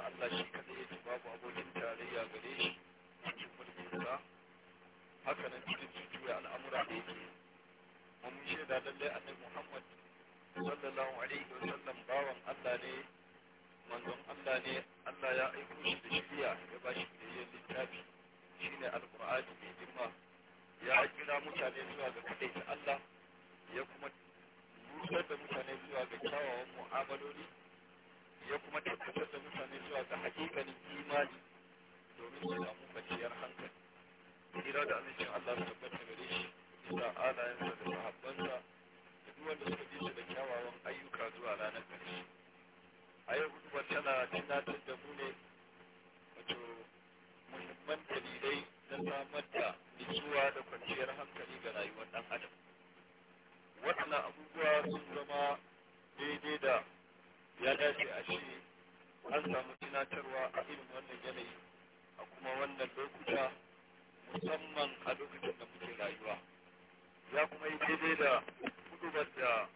Allah shi ya ci babu abokin tarayya gare shi cikin mulkinsa haka nan cikin jujjuya al'amura da yake mun da lallai annabi Muhammad sallallahu alaihi wa sallam bawan Allah ne manzon Allah ne Allah ya aiko shi da shirya ya ba shi da littafi shine alqur'ani mai girma ya kira mutane zuwa ga ta Allah ya kuma nusar da mutane zuwa ga kyawawan mu'amaloli ya kuma tabbatar da mutane zuwa ga hakikanin imani domin su samu kwanciyar hankali kira da amincin Allah su tabbata gare shi bisa alayensa da sahabbansa da duk wanda suka bi da kyawawan ayyuka zuwa ranar ƙarshe a yau hudubar tana tunatar da mu ne wato muhimman dalilai na samar da nutsuwa da kwanciyar hankali ga rayuwar ɗan adam waɗannan abubuwa sun zama daidai da ya dace a ce an samu tunatarwa a irin wannan yanayi a kuma wannan lokuta musamman a lokacin da muke rayuwa ya kuma yi daidai da hudubar da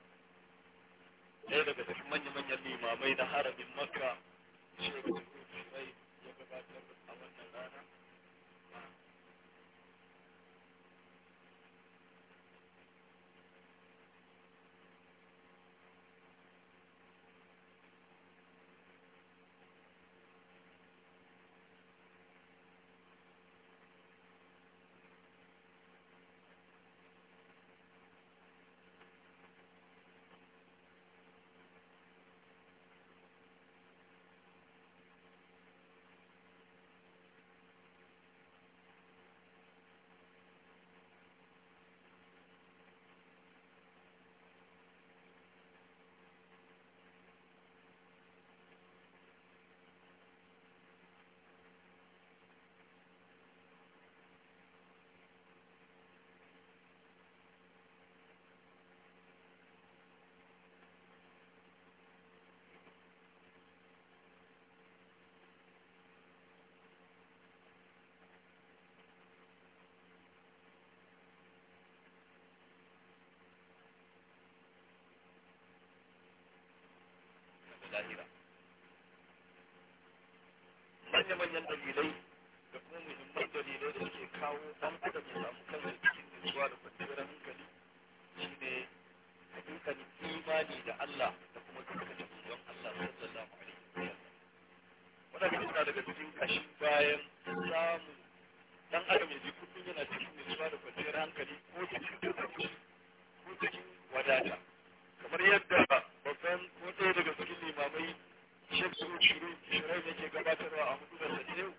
ɗaya daga cikin manya-manyan limamai na harabin makka shekaru shirai ya gabatar a wannan rana lahira manya manyan dalilai da kuma muhimman dalilai da suke kawo dan adam ya samu kansa cikin nutsuwa da kwanciyar hankali shi ne hakikan imani da Allah da kuma da manzon Allah sallallahu alaihi wasallam wannan yana daga cikin kashin bayan samu dan adam ya ji kudin yana cikin nutsuwa da kwanciyar hankali ko cikin ko cikin wadata kamar yadda babban ko ɗaya daga cikin limamai shek su shirai da ke gabatarwa a hudu da yau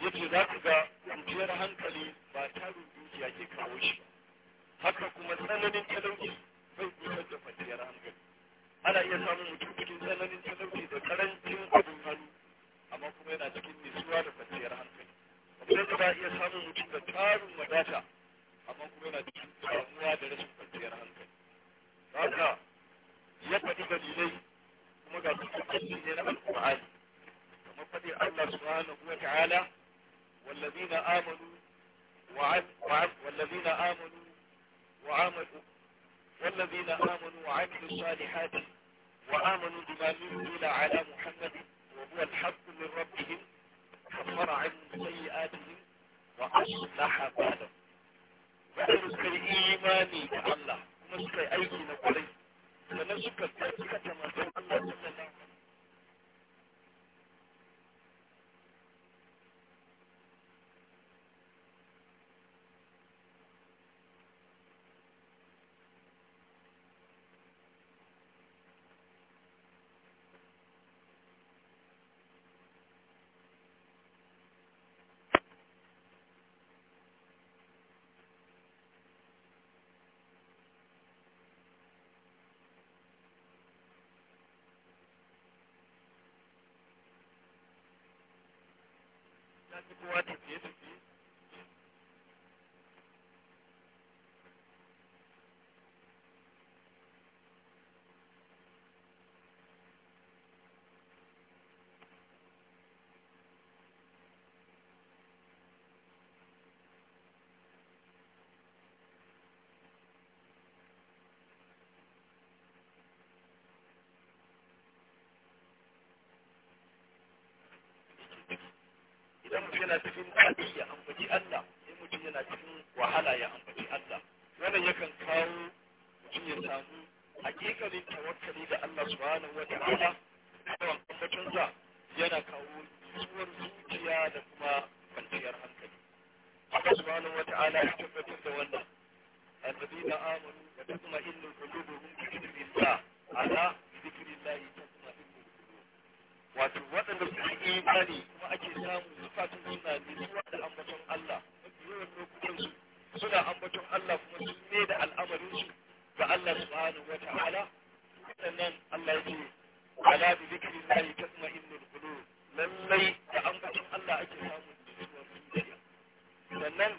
ya ce za ka ga kwanciyar hankali ba tarin dukiya ke kawo shi haka kuma tsananin talauci bai kusa da kwanciyar hankali ana iya samun wa aslaha balahu waɗanda suka yi imani da Allah kuma suka aiki na kwarai sannan suka tabbata manzon ta fi kowa tafiye-tafiye idan mutum yana cikin daɗi ya ambaci Allah in mutum yana cikin wahala ya ambaci Allah wannan yakan kawo mutum ya samu hakikalin tawakkali da Allah subhanahu wa ta'ala yawan ambacin sa yana kawo nutsuwar zuciya da kuma kwanciyar hankali Allah subhanahu wa ta'ala ya tabbatar da wannan الذين آمنوا وتطمئن قلوبهم بذكر الله على ذكر الله تطمئن wato waɗanda su yi imani kuma ake samu zukatun suna nutsuwa da ambaton Allah mafi yawan lokutan su suna ambaton Allah kuma sun ne da al'amarin su ga Allah subhanahu wa ta'ala waɗannan Allah yake ala bi zikrillahi tatma'innul qulub lallai da ambaton Allah ake samu nutsuwar zuciya sannan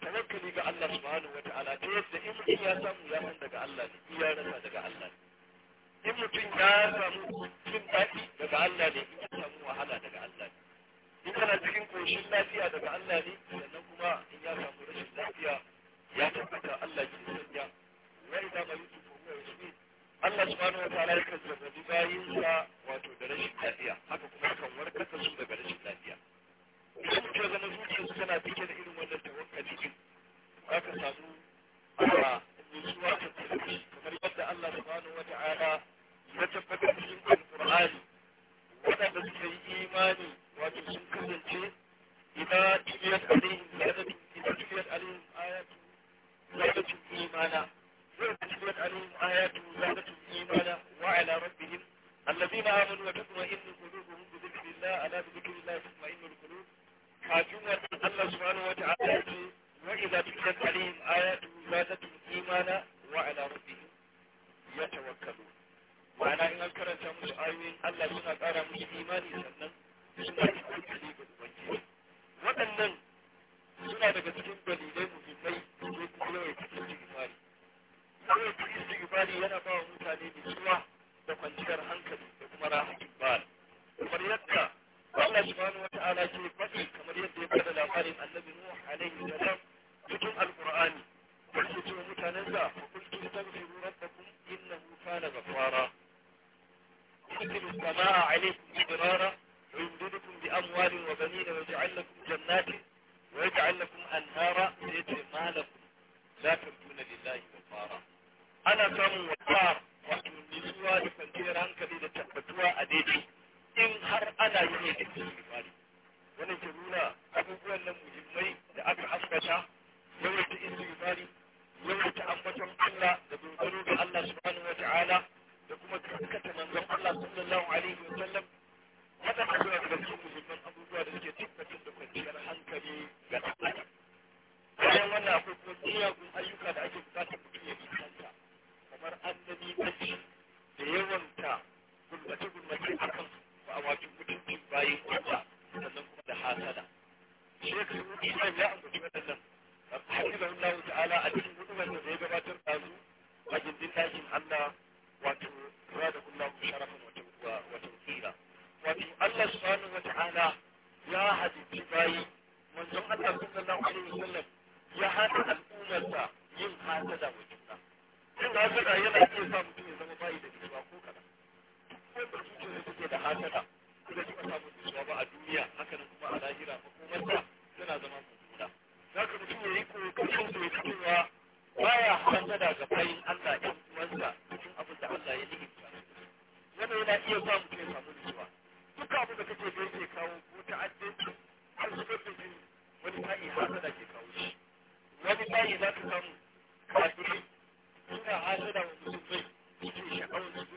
tawakkali ga Allah subhanahu wa ta'ala ta yadda in ya samu ya san daga Allah ne ya rasa daga Allah ne in mutum ya samu cikin daɗi daga Allah ne in ya samu wahala daga Allah ne in kana cikin koshin lafiya daga Allah ne sannan kuma in ya samu rashin lafiya ya tabbata Allah ke sanya wa idan ma Yusuf, ko ya yusmi Allah subhanahu wataala ya kazzabi bayinsa wato da rashin lafiya haka kuma kan warkar da su daga rashin lafiya idan mutum ya zama zuciyarsa tana cike da irin wannan tawakkali din aka samu a ah, nutsuwa ta tafi Allah subhanahu wa ta'ala ya tabbatar cikin alqur'ani waɗanda suka yi imani wato sun kasance idan iliyat alaihi mutane nutsuwa da kwanciyar hankali da kuma rahatin bal kamar yadda Allah subhanahu wata'ala ke faɗi kamar yadda ya bada labarin annabi Nuh alaihi salam cikin alqur'ani yake cewa mutanensa kuntu tastaghfiru rabbakum innahu kana ghafara يرسل السماء عليكم مدرارا ويمددكم بأموال وبنين ويجعل لكم جنات ويجعل لكم أنهارا ليجعل ما لكم لا ترجون لله وقارا ana samun wata wato nutsuwa da kwanciyar hankali da tabbatuwa a daidai in har ana yi ne da istighfari wannan ke nuna abubuwan nan muhimmai da aka ambata yawaita istighfari yawaita ambaton Allah da dogaro ga Allah subhanahu wa ta'ala da kuma karkata manzon Allah sallallahu alaihi wa sallam wannan abubuwa daga cikin muhimman abubuwa da suke tabbatar da kwanciyar hankali ga ɗan bayan wannan akwai kuma miyagun ayyuka da ake bukatar mutum ya yi kamar annabi kashi da yawanta gulmace-gulmace a kan ba a wajen mutuncin bayan Allah sannan kuma da hasada. Shekar Ruɗi ya ambaci waɗannan hafizan Allah ta'ala a cikin hudubar da zai gabatar da su a gindin ɗakin Allah wato rada Allah sharafin wata wakila. Wato Allah subhanahu wa ta'ala ya hajji bayi manzon Allah sallallahu alaihi wasallam ya hada al'ummarsa yin hasada wajen yin hasada yana iya sa mutum ya zama bayi da nutsuwa ko kaɗan ko da zuciya da take da hasada ko da kika samu nutsuwa ba a duniya haka nan kuma a lahira ko makomarta tana zama mummuna za ka mutum ya yi kokarin su ya cewa baya hasada ga bayin Allah ɗan uwansa cikin abin da Allah ya nihinta wannan yana iya sa mutum ya samu nutsuwa duk abin da kake da yake kawo ko ta'addanci har zubar da jini wani ta'i hasada ke kawo shi wani ta'i za ka samu kafiri suna hasu da wasu sun fi sha'awar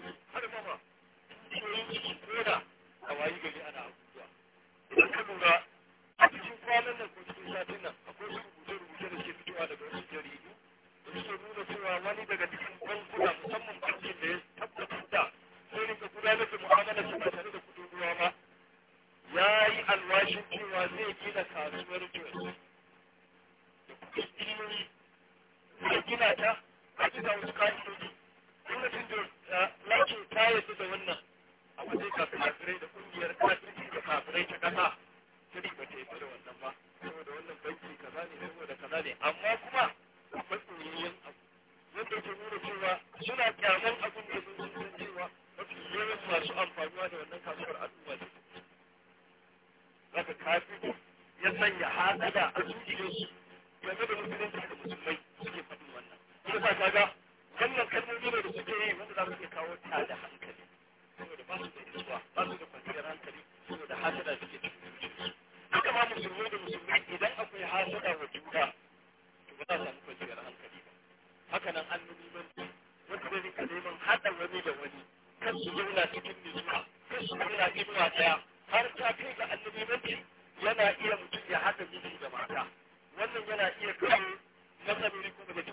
kyaman abin da sun zai cewa mafi yawan masu amfaniwa da wannan kasuwar al'umma ne. Zaka kafin ya sanya haɗa a zuciyarsu yana iya mutum ya haɗa miji da mata wannan yana iya kawo matsaloli ko da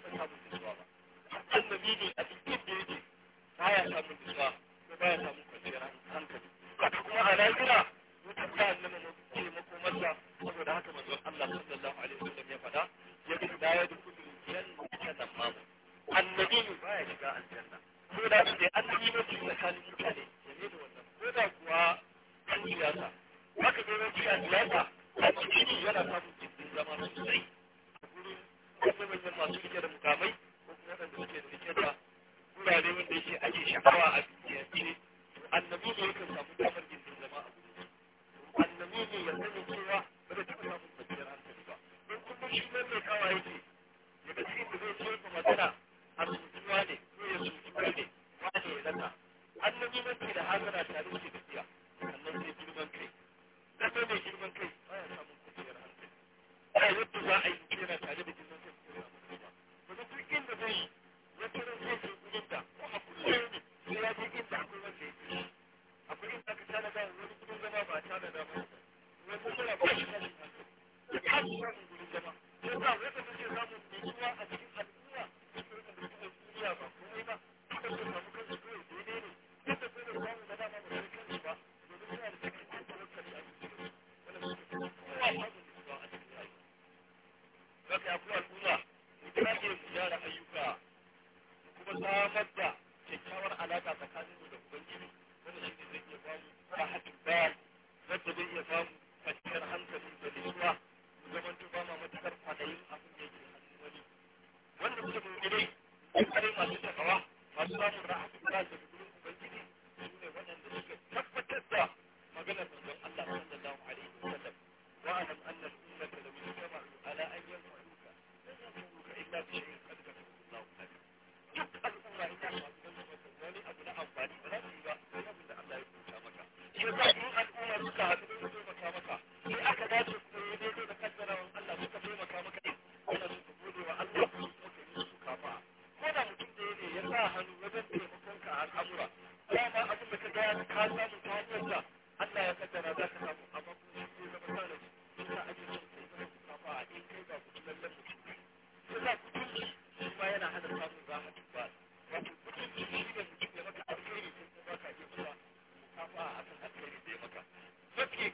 understand.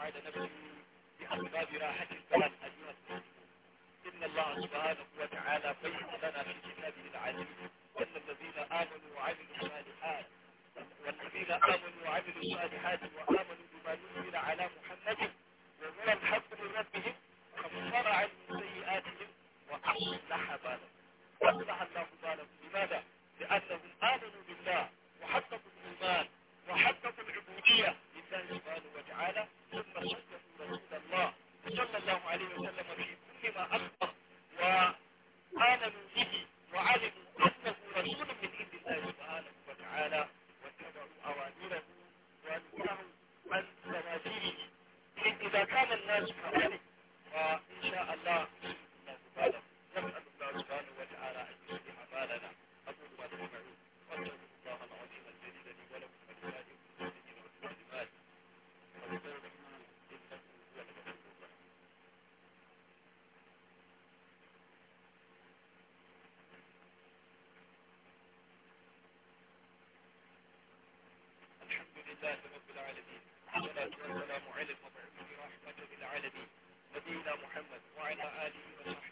على نفسك بأسباب راحة البلد أيها المسلمون إن الله سبحانه وتعالى بين لنا في كتابه العليم أن الذين آمنوا وعملوا الصالحات والذين آمنوا وعملوا الصالحات وآمنوا بما نزل على محمد ومن الحق من ربهم كفر من سيئاتهم وأصلح بالهم أصلح الله بالهم لماذا؟ لأنهم آمنوا بالله وحققوا الإيمان وحققوا العبودية الإنسان يفعل ويفعل ثم شكه رسول الله صلى الله عليه وسلم في كل ما أخبر وآمنوا به وعلموا أنه رسول من لله رب العالمين والسلام على المبعوث رحمة للعالمين نبينا محمد وعلى آله وصحبه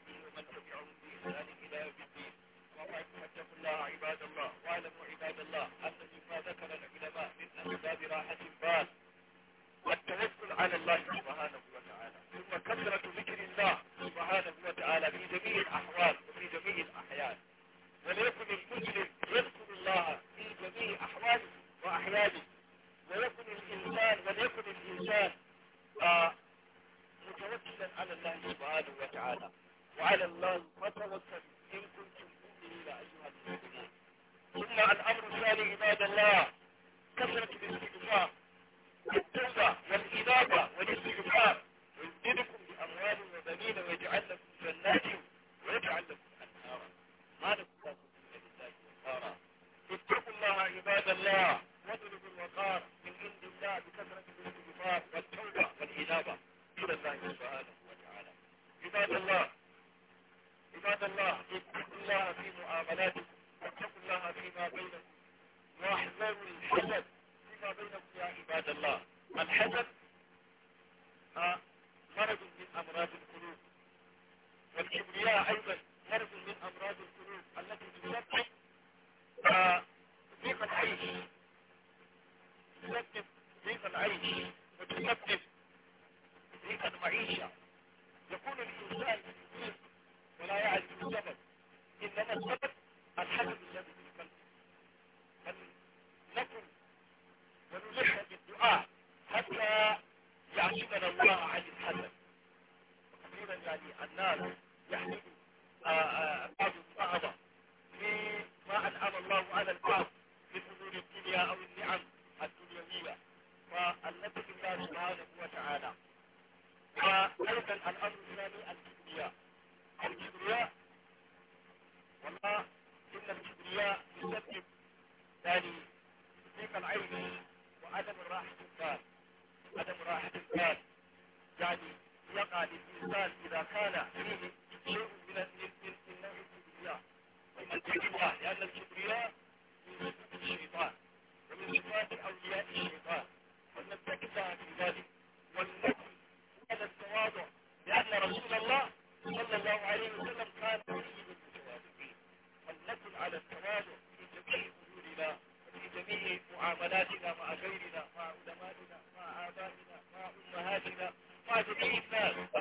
anything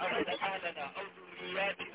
أو أهلنا أو ذرياتنا